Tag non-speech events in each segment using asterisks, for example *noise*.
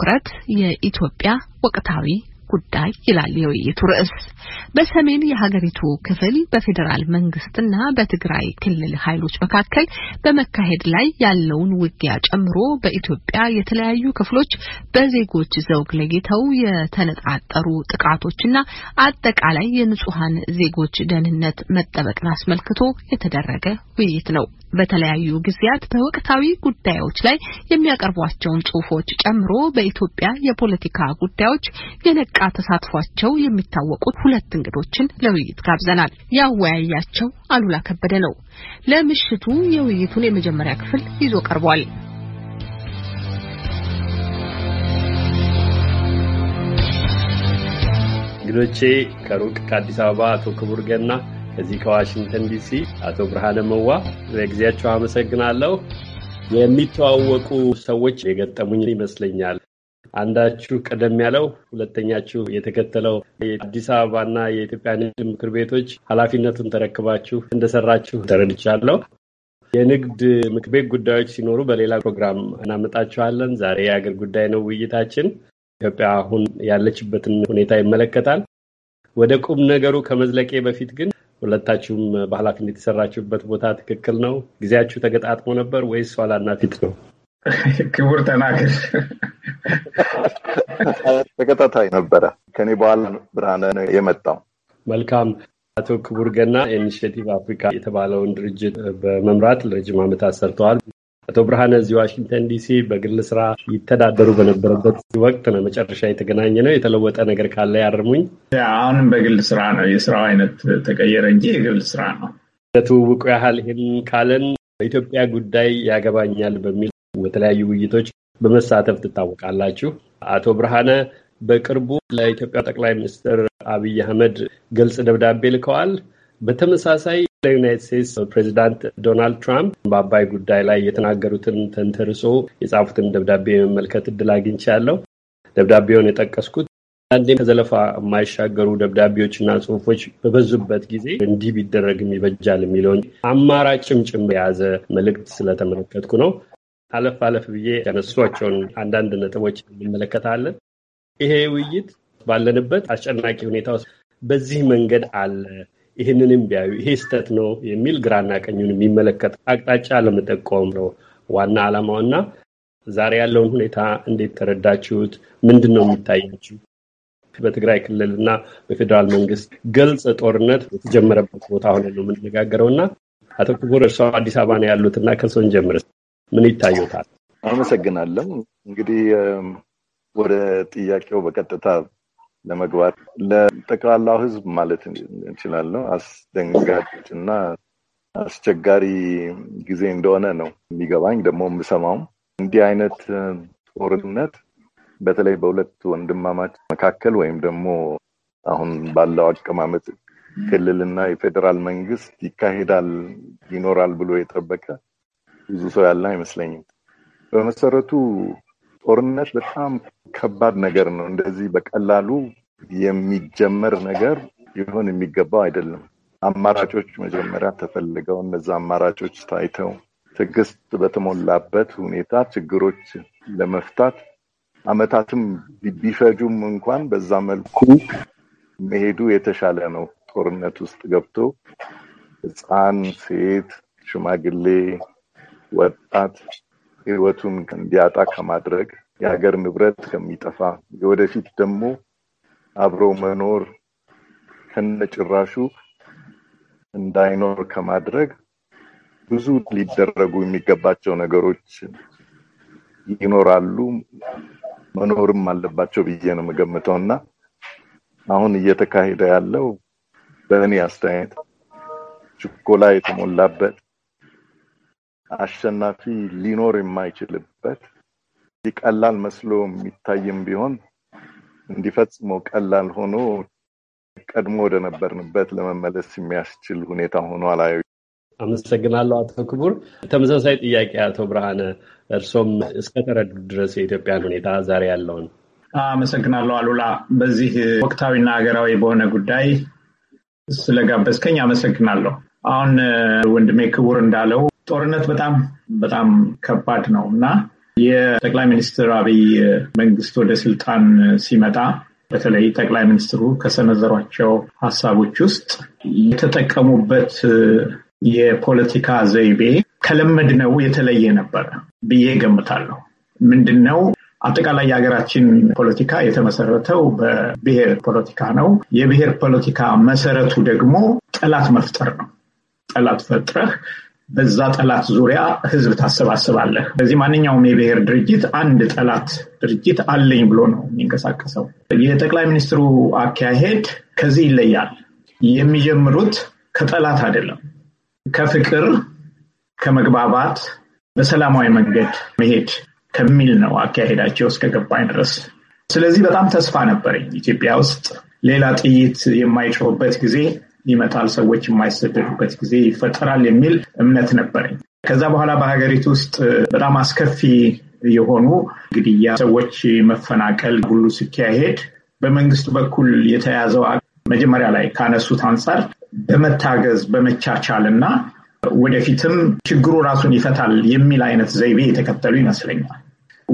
ትኩረት የኢትዮጵያ ወቅታዊ ጉዳይ ይላል የውይይቱ ርዕስ። በሰሜን የሀገሪቱ ክፍል በፌዴራል መንግስትና በትግራይ ክልል ኃይሎች መካከል በመካሄድ ላይ ያለውን ውጊያ ጨምሮ በኢትዮጵያ የተለያዩ ክፍሎች በዜጎች ዘውግ ለይተው የተነጣጠሩ ጥቃቶችና አጠቃላይ የንጹሐን ዜጎች ደህንነት መጠበቅን አስመልክቶ የተደረገ ውይይት ነው። በተለያዩ ጊዜያት በወቅታዊ ጉዳዮች ላይ የሚያቀርቧቸውን ጽሁፎች ጨምሮ በኢትዮጵያ የፖለቲካ ጉዳዮች የነቀ የሙዚቃ ተሳትፏቸው የሚታወቁት ሁለት እንግዶችን ለውይይት ጋብዘናል። ያወያያቸው አሉላ ከበደ ነው። ለምሽቱ የውይይቱን የመጀመሪያ ክፍል ይዞ ቀርቧል። እንግዶቼ ከሩቅ ከአዲስ አበባ አቶ ክቡር ገና፣ ከዚህ ከዋሽንግተን ዲሲ አቶ ብርሃነ መዋ ለጊዜያቸው አመሰግናለሁ። የሚተዋወቁ ሰዎች የገጠሙኝ ይመስለኛል። አንዳችሁ ቀደም ያለው ሁለተኛችሁ የተከተለው የአዲስ አበባና የኢትዮጵያ ንግድ ምክር ቤቶች ኃላፊነቱን ተረክባችሁ እንደሰራችሁ ተረድቻለሁ። የንግድ ምክር ቤት ጉዳዮች ሲኖሩ በሌላ ፕሮግራም እናመጣችኋለን። ዛሬ የአገር ጉዳይ ነው ውይይታችን። ኢትዮጵያ አሁን ያለችበትን ሁኔታ ይመለከታል። ወደ ቁም ነገሩ ከመዝለቄ በፊት ግን ሁለታችሁም በኃላፊነት የሰራችሁበት ቦታ ትክክል ነው? ጊዜያችሁ ተገጣጥሞ ነበር ወይስ ኋላና ፊት ነው? *laughs* ክቡር ተናገር ተከታታይ ነበረ። ከኔ በኋላ ብርሃነ ነው የመጣው። መልካም አቶ ክቡር ገና ኢኒሽቲቭ አፍሪካ የተባለውን ድርጅት በመምራት ለረጅም ዓመታት ሰርተዋል። አቶ ብርሃነ እዚህ ዋሽንግተን ዲሲ በግል ስራ ይተዳደሩ በነበረበት ወቅት ነው መጨረሻ የተገናኘ ነው። የተለወጠ ነገር ካለ ያርሙኝ። አሁንም በግል ስራ ነው። የስራው አይነት ተቀየረ እንጂ የግል ስራ ነው። ለትውውቁ ያህል ይህን ካለን በኢትዮጵያ ጉዳይ ያገባኛል በሚል በተለያዩ ውይይቶች በመሳተፍ ትታወቃላችሁ። አቶ ብርሃነ በቅርቡ ለኢትዮጵያ ጠቅላይ ሚኒስትር አብይ አህመድ ግልጽ ደብዳቤ ልከዋል። በተመሳሳይ ለዩናይት ስቴትስ ፕሬዚዳንት ዶናልድ ትራምፕ በአባይ ጉዳይ ላይ የተናገሩትን ተንተርሶ የጻፉትን ደብዳቤ የመመልከት እድል አግኝቻለሁ። ደብዳቤውን የጠቀስኩት አንዴ ከዘለፋ የማይሻገሩ ደብዳቤዎችና ጽሁፎች በበዙበት ጊዜ እንዲህ ቢደረግም ይበጃል የሚለውን አማራጭም ጭምር የያዘ መልእክት ስለተመለከትኩ ነው። አለፍ አለፍ ብዬ ያነሷቸውን አንዳንድ ነጥቦች እንመለከታለን። ይሄ ውይይት ባለንበት አስጨናቂ ሁኔታ ውስጥ በዚህ መንገድ አለ፣ ይህንንም ቢያዩ ይሄ ስህተት ነው የሚል ግራና ቀኙን የሚመለከት አቅጣጫ ለመጠቆም ነው ዋና እና ዛሬ ያለውን ሁኔታ እንዴት ተረዳችሁት? ምንድን ነው የሚታያችሁ? በትግራይ ክልልና በፌዴራል መንግስት ገልጽ ጦርነት የተጀመረበት ቦታ ሆነ ነው የምንነጋገረው እና አቶ ክቡር እርሷ አዲስ አበባ ነው ያሉትና ከእርስዎን ጀምር። ምን ይታዩታል? አመሰግናለሁ። እንግዲህ ወደ ጥያቄው በቀጥታ ለመግባት ለጠቅላላው ሕዝብ ማለት እንችላለሁ አስደንጋጭ እና አስቸጋሪ ጊዜ እንደሆነ ነው የሚገባኝ። ደግሞ የምሰማውም እንዲህ አይነት ጦርነት በተለይ በሁለት ወንድማማች መካከል ወይም ደግሞ አሁን ባለው አቀማመጥ ክልልና የፌዴራል መንግስት ይካሄዳል ይኖራል ብሎ የጠበቀ ብዙ ሰው ያለ አይመስለኝም። በመሰረቱ ጦርነት በጣም ከባድ ነገር ነው። እንደዚህ በቀላሉ የሚጀመር ነገር ሊሆን የሚገባው አይደለም። አማራጮች መጀመሪያ ተፈልገው እነዚ አማራጮች ታይተው ትዕግስት በተሞላበት ሁኔታ ችግሮች ለመፍታት አመታትም ቢፈጁም እንኳን በዛ መልኩ መሄዱ የተሻለ ነው። ጦርነት ውስጥ ገብቶ ሕፃን፣ ሴት፣ ሽማግሌ ወጣት ህይወቱን እንዲያጣ ከማድረግ የሀገር ንብረት ከሚጠፋ የወደፊት ደግሞ አብሮ መኖር ከነጭራሹ እንዳይኖር ከማድረግ ብዙ ሊደረጉ የሚገባቸው ነገሮች ይኖራሉ፣ መኖርም አለባቸው ብዬ ነው የምገምተው እና አሁን እየተካሄደ ያለው በእኔ አስተያየት ችኮላ የተሞላበት አሸናፊ ሊኖር የማይችልበት ቀላል መስሎ የሚታይም ቢሆን እንዲፈጽመው ቀላል ሆኖ ቀድሞ ወደነበርንበት ለመመለስ የሚያስችል ሁኔታ ሆኖ አላዩ። አመሰግናለሁ አቶ ክቡር። ተመሳሳይ ጥያቄ አቶ ብርሃነ፣ እርሶም እስከተረዱ ድረስ የኢትዮጵያን ሁኔታ ዛሬ ያለውን። አመሰግናለሁ አሉላ። በዚህ ወቅታዊና ሀገራዊ በሆነ ጉዳይ ስለጋበዝከኝ አመሰግናለሁ። አሁን ወንድሜ ክቡር እንዳለው ጦርነት በጣም በጣም ከባድ ነው እና የጠቅላይ ሚኒስትር አብይ መንግስት ወደ ስልጣን ሲመጣ በተለይ ጠቅላይ ሚኒስትሩ ከሰነዘሯቸው ሀሳቦች ውስጥ የተጠቀሙበት የፖለቲካ ዘይቤ ከለመድነው የተለየ ነበረ ብዬ ገምታለሁ። ምንድን ነው አጠቃላይ የሀገራችን ፖለቲካ የተመሰረተው በብሔር ፖለቲካ ነው። የብሔር ፖለቲካ መሰረቱ ደግሞ ጠላት መፍጠር ነው። ጠላት ፈጥረህ በዛ ጠላት ዙሪያ ህዝብ ታሰባስባለህ። በዚህ ማንኛውም የብሔር ድርጅት አንድ ጠላት ድርጅት አለኝ ብሎ ነው የሚንቀሳቀሰው። የጠቅላይ ሚኒስትሩ አካሄድ ከዚህ ይለያል። የሚጀምሩት ከጠላት አይደለም፣ ከፍቅር፣ ከመግባባት፣ በሰላማዊ መንገድ መሄድ ከሚል ነው አካሄዳቸው እስከ ገባኝ ድረስ። ስለዚህ በጣም ተስፋ ነበረኝ ኢትዮጵያ ውስጥ ሌላ ጥይት የማይጮህበት ጊዜ ይመጣል፣ ሰዎች የማይሰደዱበት ጊዜ ይፈጠራል የሚል እምነት ነበረኝ። ከዛ በኋላ በሀገሪቱ ውስጥ በጣም አስከፊ የሆኑ ግድያ፣ ሰዎች መፈናቀል ሁሉ ሲካሄድ በመንግስቱ በኩል የተያዘው መጀመሪያ ላይ ካነሱት አንጻር በመታገዝ በመቻቻል እና ወደፊትም ችግሩ ራሱን ይፈታል የሚል አይነት ዘይቤ የተከተሉ ይመስለኛል።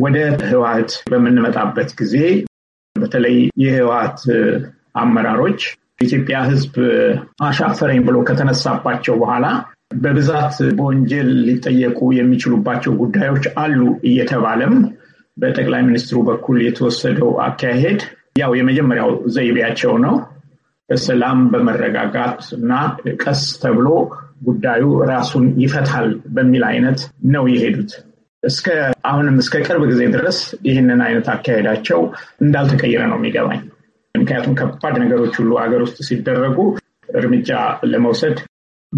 ወደ ህወሀት በምንመጣበት ጊዜ በተለይ የህወሀት አመራሮች የኢትዮጵያ ሕዝብ አሻፈረኝ ብሎ ከተነሳባቸው በኋላ በብዛት በወንጀል ሊጠየቁ የሚችሉባቸው ጉዳዮች አሉ እየተባለም በጠቅላይ ሚኒስትሩ በኩል የተወሰደው አካሄድ ያው የመጀመሪያው ዘይቤያቸው ነው። በሰላም በመረጋጋት እና ቀስ ተብሎ ጉዳዩ ራሱን ይፈታል በሚል አይነት ነው የሄዱት። እስከ አሁንም እስከ ቅርብ ጊዜ ድረስ ይህንን አይነት አካሄዳቸው እንዳልተቀየረ ነው የሚገባኝ። ምክንያቱም ከባድ ነገሮች ሁሉ ሀገር ውስጥ ሲደረጉ እርምጃ ለመውሰድ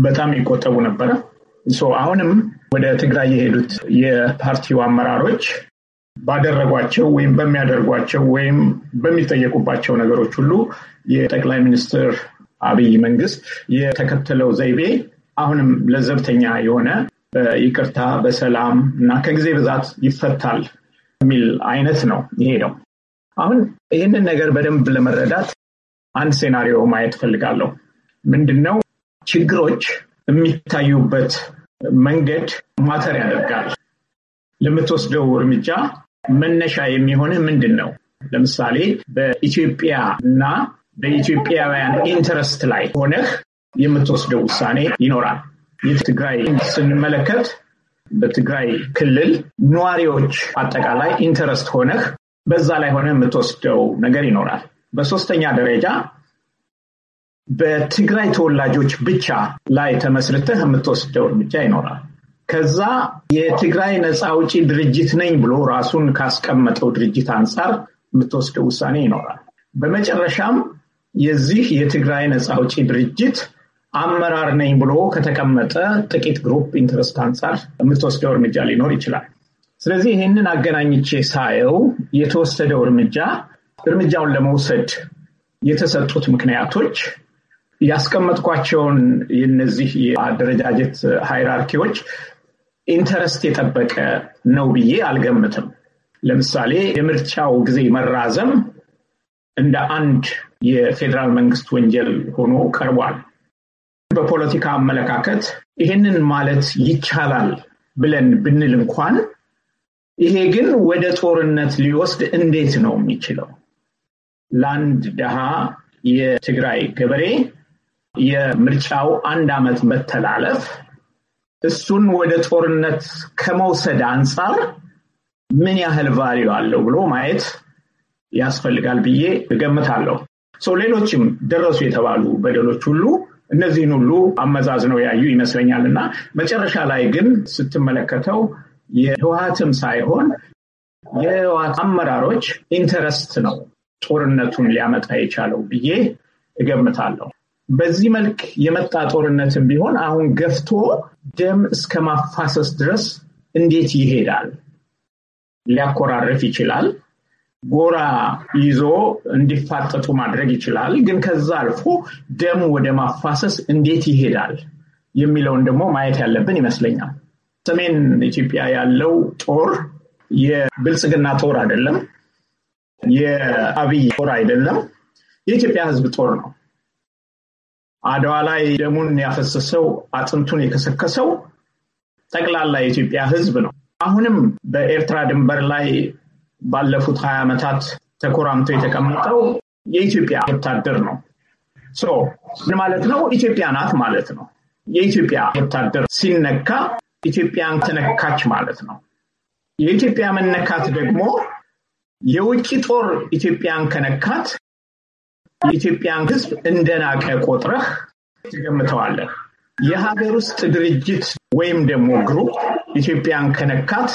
በጣም ይቆጠቡ ነበረ። አሁንም ወደ ትግራይ የሄዱት የፓርቲው አመራሮች ባደረጓቸው ወይም በሚያደርጓቸው ወይም በሚጠየቁባቸው ነገሮች ሁሉ የጠቅላይ ሚኒስትር አብይ መንግስት የተከተለው ዘይቤ አሁንም ለዘብተኛ የሆነ በይቅርታ በሰላም እና ከጊዜ ብዛት ይፈታል የሚል አይነት ነው ይሄ ነው። አሁን ይህንን ነገር በደንብ ለመረዳት አንድ ሴናሪዮ ማየት ፈልጋለሁ። ምንድነው ችግሮች የሚታዩበት መንገድ ማተር ያደርጋል። ለምትወስደው እርምጃ መነሻ የሚሆን ምንድን ነው? ለምሳሌ በኢትዮጵያ እና በኢትዮጵያውያን ኢንተረስት ላይ ሆነህ የምትወስደው ውሳኔ ይኖራል። የትግራይ ስንመለከት በትግራይ ክልል ነዋሪዎች አጠቃላይ ኢንተረስት ሆነህ በዛ ላይ ሆነ የምትወስደው ነገር ይኖራል። በሶስተኛ ደረጃ በትግራይ ተወላጆች ብቻ ላይ ተመስርተህ የምትወስደው እርምጃ ይኖራል። ከዛ የትግራይ ነፃ አውጪ ድርጅት ነኝ ብሎ ራሱን ካስቀመጠው ድርጅት አንጻር የምትወስደው ውሳኔ ይኖራል። በመጨረሻም የዚህ የትግራይ ነፃ አውጪ ድርጅት አመራር ነኝ ብሎ ከተቀመጠ ጥቂት ግሩፕ ኢንትረስት አንጻር የምትወስደው እርምጃ ሊኖር ይችላል። ስለዚህ ይህንን አገናኝቼ ሳየው የተወሰደው እርምጃ እርምጃውን ለመውሰድ የተሰጡት ምክንያቶች ያስቀመጥኳቸውን የነዚህ የአደረጃጀት ሃይራርኪዎች ኢንተረስት የጠበቀ ነው ብዬ አልገምትም። ለምሳሌ የምርጫው ጊዜ መራዘም እንደ አንድ የፌዴራል መንግስት ወንጀል ሆኖ ቀርቧል። በፖለቲካ አመለካከት ይህንን ማለት ይቻላል ብለን ብንል እንኳን ይሄ ግን ወደ ጦርነት ሊወስድ እንዴት ነው የሚችለው? ለአንድ ድሃ የትግራይ ገበሬ የምርጫው አንድ ዓመት መተላለፍ እሱን ወደ ጦርነት ከመውሰድ አንጻር ምን ያህል ቫሊዩ አለው ብሎ ማየት ያስፈልጋል ብዬ እገምታለሁ። ሰው ሌሎችም ደረሱ የተባሉ በደሎች ሁሉ እነዚህን ሁሉ አመዛዝ ነው ያዩ ይመስለኛል እና መጨረሻ ላይ ግን ስትመለከተው የህወሀትም ሳይሆን የህወሀት አመራሮች ኢንተረስት ነው ጦርነቱን ሊያመጣ የቻለው ብዬ እገምታለሁ። በዚህ መልክ የመጣ ጦርነትም ቢሆን አሁን ገፍቶ ደም እስከ ማፋሰስ ድረስ እንዴት ይሄዳል? ሊያኮራርፍ ይችላል። ጎራ ይዞ እንዲፋጠጡ ማድረግ ይችላል። ግን ከዛ አልፎ ደም ወደ ማፋሰስ እንዴት ይሄዳል የሚለውን ደግሞ ማየት ያለብን ይመስለኛል። ሰሜን ኢትዮጵያ ያለው ጦር የብልጽግና ጦር አይደለም፣ የአብይ ጦር አይደለም፣ የኢትዮጵያ ሕዝብ ጦር ነው። አድዋ ላይ ደሙን ያፈሰሰው አጥንቱን የከሰከሰው ጠቅላላ የኢትዮጵያ ሕዝብ ነው። አሁንም በኤርትራ ድንበር ላይ ባለፉት ሀያ ዓመታት ተኮራምቶ የተቀመጠው የኢትዮጵያ ወታደር ነው። ምን ማለት ነው? ኢትዮጵያ ናት ማለት ነው። የኢትዮጵያ ወታደር ሲነካ ኢትዮጵያን ተነካች ማለት ነው። የኢትዮጵያ መነካት ደግሞ የውጭ ጦር ኢትዮጵያን ከነካት የኢትዮጵያን ሕዝብ እንደናቀ ቆጥረህ ትገምተዋለህ። የሀገር ውስጥ ድርጅት ወይም ደግሞ ግሩፕ ኢትዮጵያን ከነካት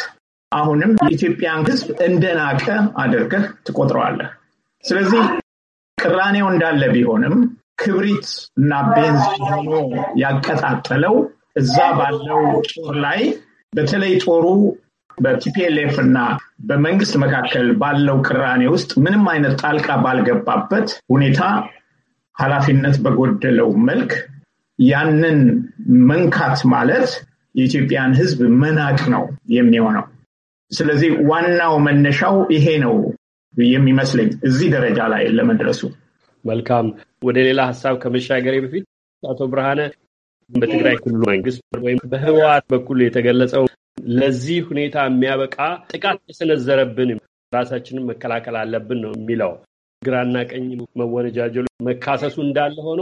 አሁንም የኢትዮጵያን ሕዝብ እንደናቀ አድርገህ ትቆጥረዋለህ። ስለዚህ ቅራኔው እንዳለ ቢሆንም ክብሪት እና ቤንዝ ሆኖ ያቀጣጠለው እዛ ባለው ጦር ላይ በተለይ ጦሩ በቲፒኤልኤፍ እና በመንግስት መካከል ባለው ቅራኔ ውስጥ ምንም አይነት ጣልቃ ባልገባበት ሁኔታ ኃላፊነት በጎደለው መልክ ያንን መንካት ማለት የኢትዮጵያን ሕዝብ መናቅ ነው የሚሆነው። ስለዚህ ዋናው መነሻው ይሄ ነው የሚመስለኝ እዚህ ደረጃ ላይ ለመድረሱ። መልካም። ወደ ሌላ ሀሳብ ከመሻገሬ በፊት አቶ ብርሃነ በትግራይ ክልሉ መንግስት ወይም በህወሓት በኩል የተገለጸው ለዚህ ሁኔታ የሚያበቃ ጥቃት የሰነዘረብን ራሳችንን መከላከል አለብን ነው የሚለው። ግራና ቀኝ መወነጃጀሉ መካሰሱ እንዳለ ሆኖ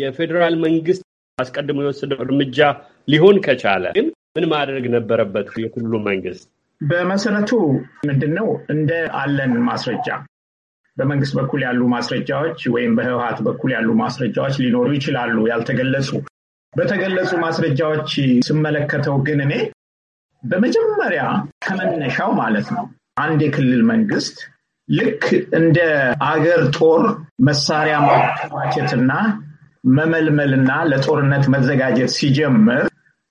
የፌዴራል መንግስት አስቀድሞ የወሰደው እርምጃ ሊሆን ከቻለ ግን ምን ማድረግ ነበረበት? የክልሉ መንግስት በመሰረቱ ምንድን ነው እንደ አለን ማስረጃ በመንግስት በኩል ያሉ ማስረጃዎች ወይም በህወሀት በኩል ያሉ ማስረጃዎች ሊኖሩ ይችላሉ፣ ያልተገለጹ በተገለጹ ማስረጃዎች ስመለከተው ግን እኔ በመጀመሪያ ከመነሻው ማለት ነው አንድ የክልል መንግስት ልክ እንደ አገር ጦር መሳሪያ ማከማቸትና መመልመልና ለጦርነት መዘጋጀት ሲጀምር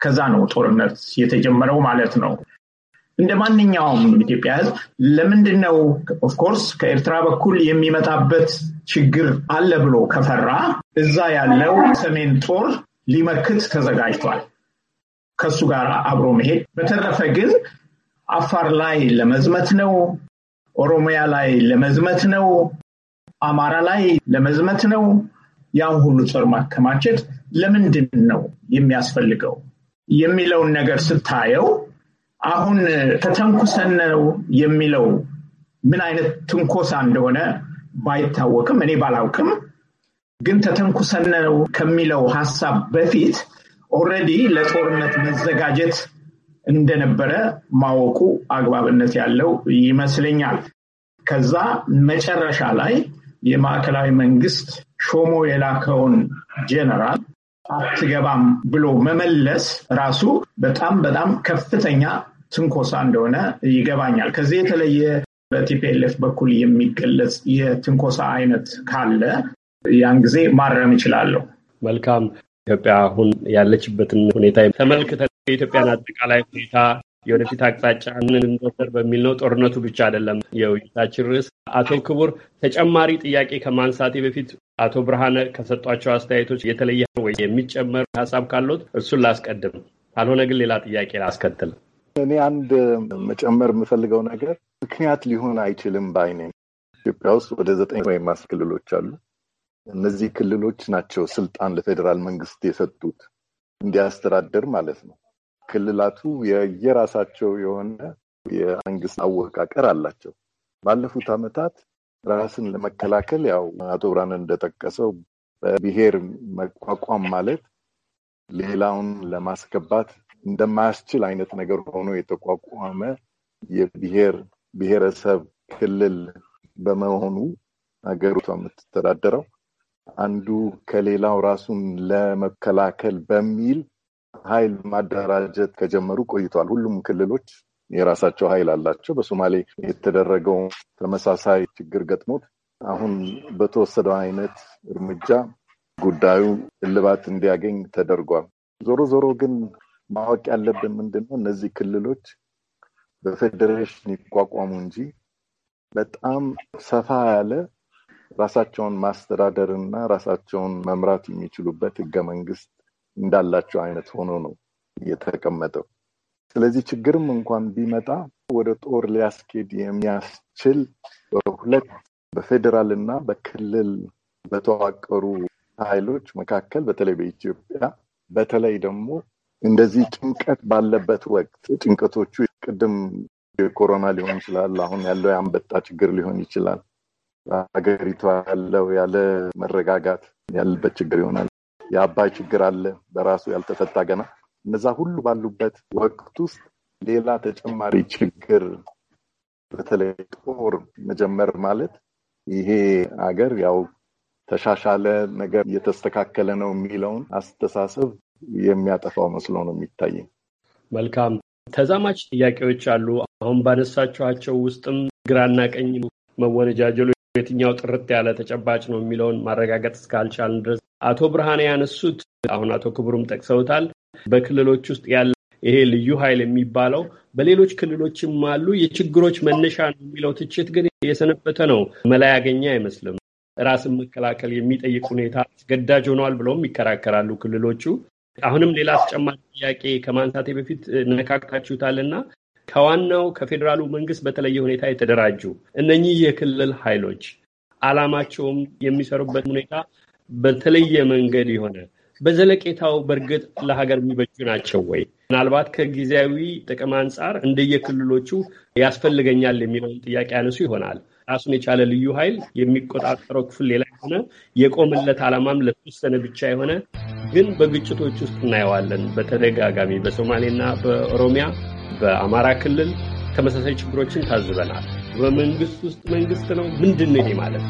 ከዛ ነው ጦርነት የተጀመረው ማለት ነው። እንደ ማንኛውም ኢትዮጵያ ሕዝብ ለምንድን ነው ኦፍኮርስ ከኤርትራ በኩል የሚመጣበት ችግር አለ ብሎ ከፈራ እዛ ያለው ሰሜን ጦር ሊመክት ተዘጋጅቷል። ከሱ ጋር አብሮ መሄድ። በተረፈ ግን አፋር ላይ ለመዝመት ነው፣ ኦሮሚያ ላይ ለመዝመት ነው፣ አማራ ላይ ለመዝመት ነው። ያን ሁሉ ጦር ማከማቸት ለምንድን ነው የሚያስፈልገው የሚለውን ነገር ስታየው አሁን ተተንኩሰን ነው የሚለው ምን አይነት ትንኮሳ እንደሆነ ባይታወቅም እኔ ባላውቅም ግን ተተንኩሰን ነው ከሚለው ሀሳብ በፊት ኦረዲ ለጦርነት መዘጋጀት እንደነበረ ማወቁ አግባብነት ያለው ይመስለኛል። ከዛ መጨረሻ ላይ የማዕከላዊ መንግስት ሾሞ የላከውን ጀነራል አትገባም ብሎ መመለስ ራሱ በጣም በጣም ከፍተኛ ትንኮሳ እንደሆነ ይገባኛል። ከዚህ የተለየ በቲፒኤልኤፍ በኩል የሚገለጽ የትንኮሳ አይነት ካለ ያን ጊዜ ማረም እችላለሁ። መልካም። ኢትዮጵያ አሁን ያለችበትን ሁኔታ ተመልክተን የኢትዮጵያን አጠቃላይ ሁኔታ የወደፊት አቅጣጫ ምን እንደወሰድ በሚል ነው። ጦርነቱ ብቻ አይደለም የውይይታችን ርዕስ። አቶ ክቡር ተጨማሪ ጥያቄ ከማንሳቴ በፊት አቶ ብርሃነ ከሰጧቸው አስተያየቶች የተለየ ወይ የሚጨመር ሀሳብ ካለት እሱን ላስቀድም፣ ካልሆነ ግን ሌላ ጥያቄ ላስከትል። እኔ አንድ መጨመር የምፈልገው ነገር ምክንያት ሊሆን አይችልም በአይኔ ኢትዮጵያ ውስጥ ወደ ዘጠኝ ወይም ማስክልሎች አሉ እነዚህ ክልሎች ናቸው ስልጣን ለፌዴራል መንግስት የሰጡት እንዲያስተዳደር ማለት ነው። ክልላቱ የየራሳቸው የሆነ የመንግስት አወቃቀር አላቸው። ባለፉት ዓመታት ራስን ለመከላከል ያው አቶ ብርሃን እንደጠቀሰው በብሔር መቋቋም ማለት ሌላውን ለማስገባት እንደማያስችል አይነት ነገር ሆኖ የተቋቋመ የብሔር ብሔረሰብ ክልል በመሆኑ ሀገሪቷ የምትተዳደረው አንዱ ከሌላው ራሱን ለመከላከል በሚል ኃይል ማደራጀት ከጀመሩ ቆይተዋል። ሁሉም ክልሎች የራሳቸው ኃይል አላቸው። በሶማሌ የተደረገው ተመሳሳይ ችግር ገጥሞት አሁን በተወሰደው አይነት እርምጃ ጉዳዩ እልባት እንዲያገኝ ተደርጓል። ዞሮ ዞሮ ግን ማወቅ ያለብን ምንድን ነው እነዚህ ክልሎች በፌዴሬሽን ይቋቋሙ እንጂ በጣም ሰፋ ያለ ራሳቸውን ማስተዳደር እና ራሳቸውን መምራት የሚችሉበት ህገ መንግስት እንዳላቸው አይነት ሆኖ ነው የተቀመጠው። ስለዚህ ችግርም እንኳን ቢመጣ ወደ ጦር ሊያስኬድ የሚያስችል በሁለት በፌዴራል እና በክልል በተዋቀሩ ኃይሎች መካከል በተለይ በኢትዮጵያ በተለይ ደግሞ እንደዚህ ጭንቀት ባለበት ወቅት ጭንቀቶቹ ቅድም የኮሮና ሊሆን ይችላል፣ አሁን ያለው የአንበጣ ችግር ሊሆን ይችላል ሀገሪቷ ያለው ያለ መረጋጋት ያለበት ችግር ይሆናል። የአባይ ችግር አለ በራሱ ያልተፈታ ገና። እነዛ ሁሉ ባሉበት ወቅት ውስጥ ሌላ ተጨማሪ ችግር በተለይ ጦር መጀመር ማለት ይሄ ሀገር ያው ተሻሻለ ነገር እየተስተካከለ ነው የሚለውን አስተሳሰብ የሚያጠፋው መስሎ ነው የሚታይ። መልካም ተዛማች ጥያቄዎች አሉ። አሁን ባነሳችኋቸው ውስጥም ግራና ቀኝ መወነጃጀሎ የትኛው ጥርት ያለ ተጨባጭ ነው የሚለውን ማረጋገጥ እስካልቻልን ድረስ አቶ ብርሃኔ ያነሱት አሁን አቶ ክብሩም ጠቅሰውታል። በክልሎች ውስጥ ያለ ይሄ ልዩ ኃይል የሚባለው በሌሎች ክልሎችም አሉ የችግሮች መነሻ ነው የሚለው ትችት ግን የሰነበተ ነው። መላ ያገኘ አይመስልም። ራስን መከላከል የሚጠይቅ ሁኔታ አስገዳጅ ሆኗል ብለውም ይከራከራሉ ክልሎቹ። አሁንም ሌላ ተጨማሪ ጥያቄ ከማንሳቴ በፊት ነካክታችሁታልና ከዋናው ከፌዴራሉ መንግስት በተለየ ሁኔታ የተደራጁ እነኚህ የክልል ኃይሎች አላማቸውም የሚሰሩበት ሁኔታ በተለየ መንገድ የሆነ በዘለቄታው በእርግጥ ለሀገር የሚበጁ ናቸው ወይ? ምናልባት ከጊዜያዊ ጥቅም አንጻር እንደየክልሎቹ ያስፈልገኛል የሚለውን ጥያቄ ያነሱ ይሆናል። ራሱን የቻለ ልዩ ኃይል የሚቆጣጠረው ክፍል ሌላ የሆነ የቆመለት ዓላማም ለተወሰነ ብቻ የሆነ ግን በግጭቶች ውስጥ እናየዋለን። በተደጋጋሚ በሶማሌና በኦሮሚያ በአማራ ክልል ተመሳሳይ ችግሮችን ታዝበናል። በመንግስት ውስጥ መንግስት ነው ምንድን ነው ይሄ ማለት?